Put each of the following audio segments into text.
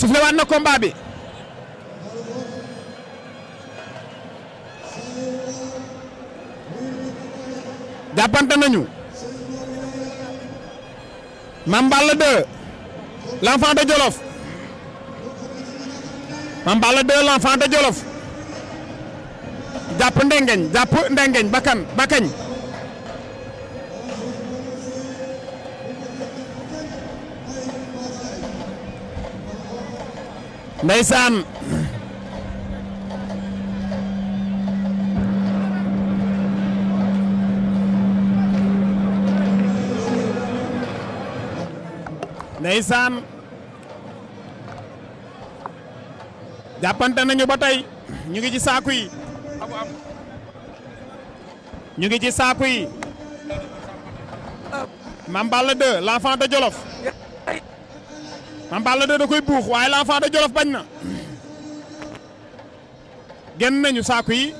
sufle waat na combat bi jàppante nañu Mame Balla 2 l'enfant de Jolof Mame Balla 2 l'enfant de Jolof jàpp ndengeñ jàpp ndengeñ ba kan ndeysaan ndeysaan jàppante nañu ba tey ñu ngi ci saaku yi ñu ngi ci saaku yi Mame Balla 2 l'enfant de Jolof Mame Balla 2 da koy buux waaye l'enfant de Jolof bañ na génn nañu saako yi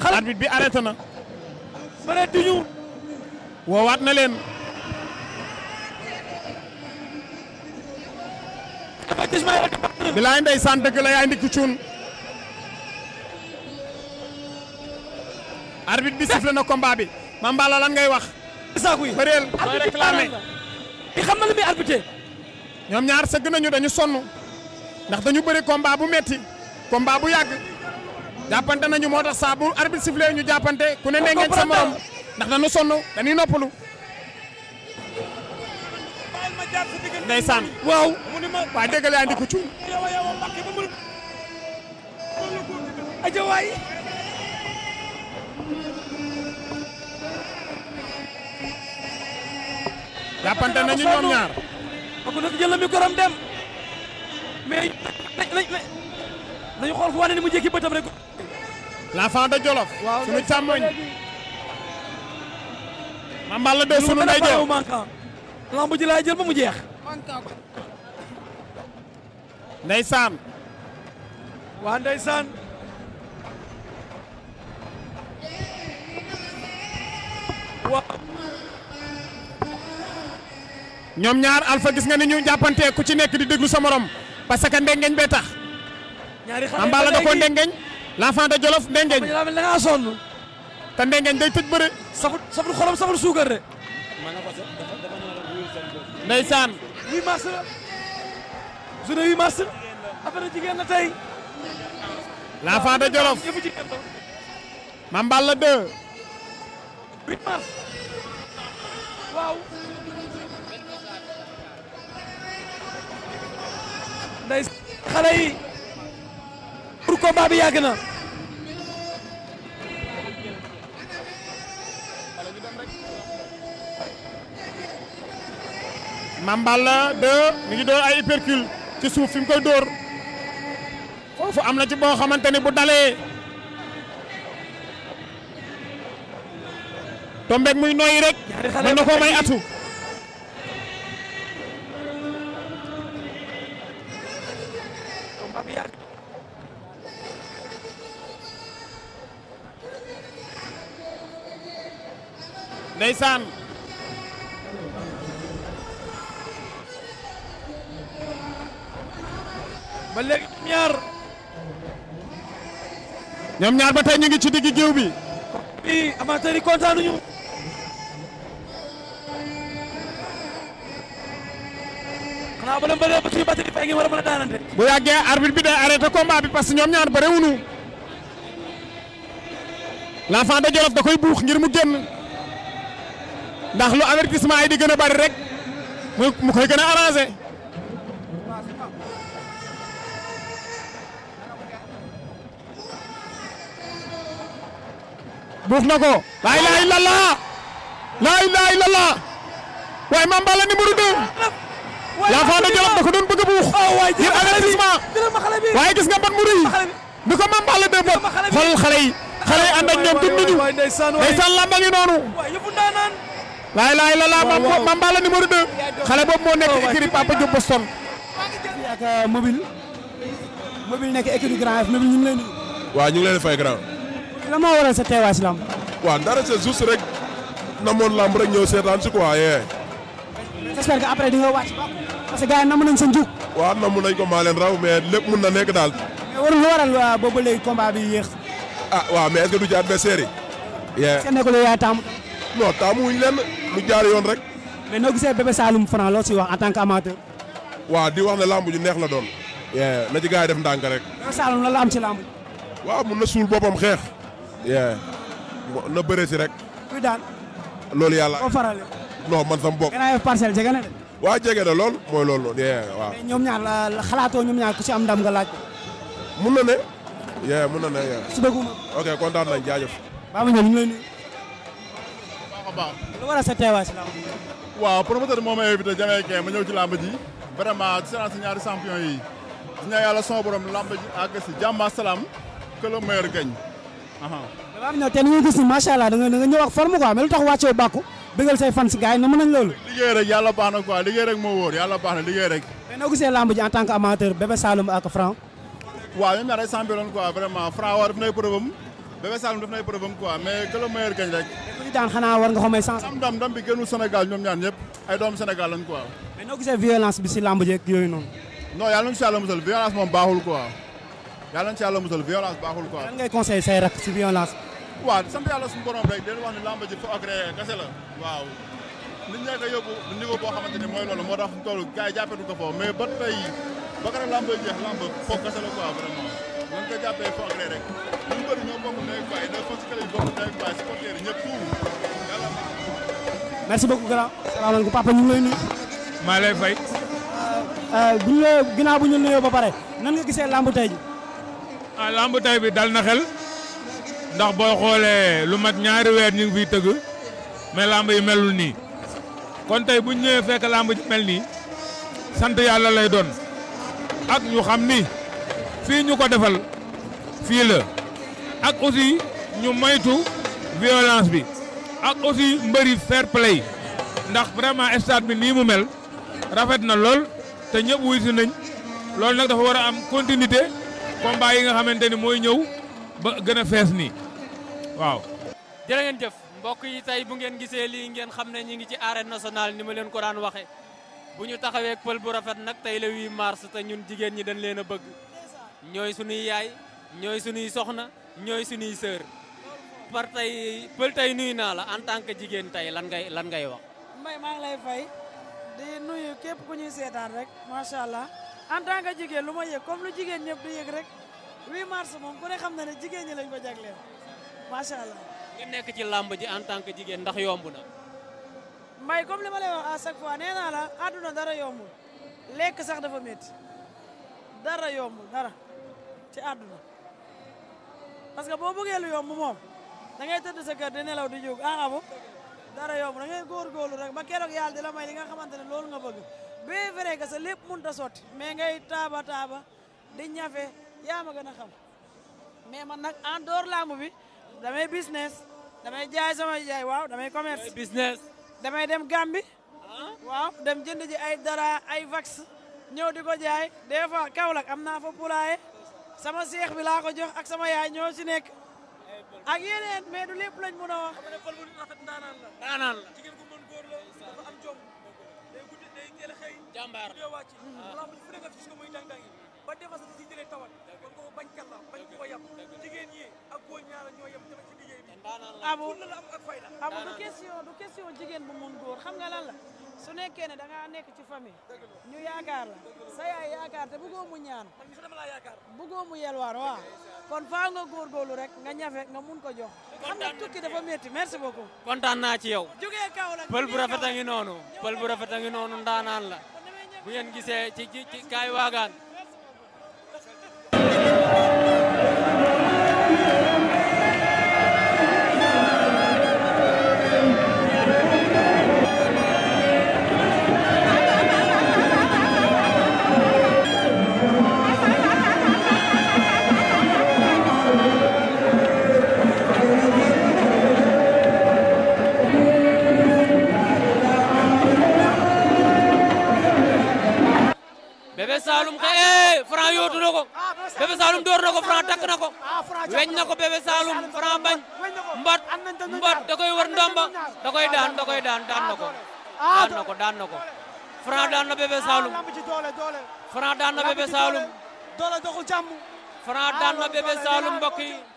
arbitre bi arrêté na bare duñu woowaat na leen bilaay ndeysaan dëgg la yaay ndikku cuun arbitre bi sifflé na combat bi Mame Balla lan ngay wax saako yi bëreel arbitre bi xam na li muy arbitre ñoom ñaar sëgg nañu dañu sonn ndax dañu bëri combat bu metti combat bu yàgg jàppante nañu moo tax saa bu arbitre sifflé ñu jàppante ku ne ne ngeen sa morom ndax dañu sonn dañuy noppalu. ndeysaan waaw waa dégg laa andi ko cuun. jàppante nañu ñoom ñaar. ba na nekk jël na micro am dem mais nañu xool fu wane ni mu jékki bëtam rek. la fan de Jolof. waaw suñu càmmoñ. ma mbàll de sunu ndey jël lamb ji laay jël ba mu jeex. ndeysaan. waa ndeysaan. ñoom ñaar alpha gis nga ni ñu jàppante ku ci nekk di déglu sa morom parce que ndengeñ bee tax. ñaari xale Ambala da koo ndengeñ. l'enfant de Jolof ndengeñ. da ngaa sonn. te ndengeñ day tëj bëre. safut safut xorom safut suukar de. mars la. journée jigéen la tey. l'enfant de Jolof. Mamballa 2. 8 nday xale yi pour combat bi yàgg na Mamballa de mi ngi door ay hypercule ci suuf fi mu koy dóor foofu am na ci boo xamante ni bu dalee tombeek muy nooyi rek mën na koo atu ba mu yàgg ndeysaan ba ñaar ñoom ñaar ba ñu ngi ci digg géew bi bi amateur yi kontaan nañu xanaa ba la mbëre ba suñu batterie fay booy yàggee arbitre bi day arrêté combat bi parce que ñoom ñaar bëre wuñu l'enfant de Jolof da koy buux ngir mu génn ndax lu avertissement yi di gën a bari rek mu koy gën a arrangé buux na ko laa ilaaha illallah laa ilaaha illallah waaye Mame Balla numéro 2 l'enfant de Jolof da ko doon bëgg a buux. Oh, ngir avertissement waaye gis nga ban mu rëy. bi ko Mame Balla dee bot xoolal xale yi xale yi ànd ak ñoom dund ñu ndeysaan lamba ngi noonu. laay laay la laa Mame Balla numéro 2. xale boobu moo nekk oh, écurie Papa Diop Boston. Euh, nekk écurie ñu ngi lay nuyu. waaw ñu ngi leen di fay grand. lan j'espère que après di nga wàcc parce que gars yi namm nañ sa njuk. waaw namm nañ ko maa leen raw mais lépp mun na nekk daal. mais waruñ la waral euh, boobu ba léegi combat bi yéex. ah waaw mais est-ce que du ci adversaire yi. seen nekkul yaay taamu. non taamu wuñ leen mu jaar yoon rek. mais noo gisee Bébé Saloum Franc loo si wax en tant qu'amateur. di wax ne lamb ju neex la doon. na ci gaa yi def ndànk rek. Bébé na la la am ci lamb. waaw mun na suul boppam xeex. na non man sama bopp. gannaaw parcelle jege na waa jege na lool mooy loolu noonu. waaw mais ñoom ñaar xalaatoo ñoom ñaar ku ci am ndam nga laaj ko. mun na ne. yaa mun na ne yaa. su bëgg ok kontaan nañ jaajëf. Baba Ndiaye ñu ngi lay nuyu. baax a baax. lu war a sa teewaay moo ma invité Jamaïcain ma ñëw ci làmb ji. vraiment si ñaari champion yi. di ñaan yàlla sama borom làmb ji àgg si jàmm ak salaam. que le meilleur gagne. dafa am ñëw te ni nga ni macha allah da nga ñëw ak forme quoi mais lu tax wàccee bëggal say fans gars yi na mën nañ loolu liggéey rek yàlla baax na quoi liggéey rek moo wóor yàlla baax na liggéey rek mais noo gisee lamb ji en tant que amateur Bébé Saloum Franc waaw ñoom ñaar ay champion quoi vraiment Franc waaw daf nay preuve am Bébé Saloum daf nay preuve am quoi mais que le meilleur gagne rek ku ñu daan xanaa war nga xamay sans am ndam ndam bi gënu Sénégal ñoom ñaar ñëpp ay doomu Sénégal lañ quoi mais yooyu noonu non yàlla nañu si waaw sant yàlla suñu borom rek dañu wax ne lamba ji fo agréé kese la waaw nit ñee ko yóbbu niveau boo xamante ne mooy loolu moo tax toolu gars yi jàppeetu ko foofu mais ba tey ba ka a lamba jeex lamba fo kese la quoi vraiment nañ ko jàppee fo agréé rek ñu bëri ñoo bokk ñëpp tuuru yàlla merci beaucoup grand salaamaaleykum papa ñu ngi lay nuyu maa lay fay euh, euh, bu la ginnaaw bu ñu nuyoo ba pare nan nga gisee lamb tey ji ah lamb bi dal na xel ndax boo xoolee lu mat ñaari weer ñu ngi fiy tëgg mais làmb yi melul nii kon tey buñ ñu ñëwee fekk làmb ji mel nii sant yàlla lay doon ak ñu xam ni fii ñu ko defal fii la ak aussi ñu moytu violence bi ak aussi mbëri fair play ndax vraiment stade bi nii mu mel rafet na lool te ñëpp wuy si nañ loolu nag dafa war a am continuité combat yi nga xamante ni mooy ñëw ba gën a fees nii waaw. jërë jëf mbokk yi tey bu ngeen gisee lii ngeen xam ne ñu ngi ci arène nationale ni ma leen ko daan waxee bu ñu taxawee pël bu rafet nag tey le 8 mars te ñun jigéen ñi dañ leen a bëgg ñooy suñuy yaay ñooy suñuy soxna ñooy suñuy sœur par tey pël tey nuy naa la en tant que jigéen tey lan ngay lan ngay wax. mbay maa ngi lay fay di nuyu képp ku ñuy seetaan rek macha allah en tant que jigéen lu ma yëg comme lu jigéen ñëpp di yëg rek 8 mars moom ku ne xam na ne jigéen ñi lañ ko jagleel. macha allah. nga nekk ci làmb ji en tant que jigéen ndax yomb na. mbay comme li ma lay wax à chaque fois nee naa la àdduna dara yombul lekk sax dafa métti dara yombul dara ci àdduna parce que boo bëggee lu yomb moom da ngay tëdd sa kër di nelaw di jóg ah abu ah, dara yomb da ngay goolu rek ba keroog yàlla di la li nga xamante ne loolu nga bëgg bien vrai que sa lépp mënut a sotti mais ngay taaba taaba di ñafe yaa ma gën a xam mais man nag en dehors làmb bi. damay business. damay jaay sama jaay waaw damay commerce. damay business. damay dem Gàmbi. Ah. waaw dem jënd ji ay dara ay vax ñëw di ko jaay des fois am naa fa poulailler sama seex bi laa ko jox ak sama yaay ñoo si nekk ak yeneen mais du lépp lañ mën a wax. ndaanaan la ndaanaan la. jigéen ku mën góor la dafa a xëy. jàmbaar la wàcc. wala fu ne nga gis ko muy dang tawat amul amul du question du question jigéen bu mun góor xam nga lan la su nekkee ne da nekk ci famille ñu yaakaar la sa yaay yaakaar te bëggoo mu ñaan bëggoo mu yelwaan waaw kon faa nga góorgóorlu rek nga ñafe nga mun ko jox xam nga tukki dafa métti merci beaucoup kontaan naa ci yow jógee kaw la pël bu rafet a ngi noonu pël bu rafet a ngi noonu ndaanaan la bu ngeen gisee ci ci kaay waagaan na ko ah, Bébé Saloum door na ko Franc takk na ko ah, weñ na ko Bébé Saloum Franc bañ mbot mbot da koy war ndomba daan da ah, ko daan ko daan ko Franc daan na Bébé Saloum Franc daan na Bébé Saloum Franc daan na Bébé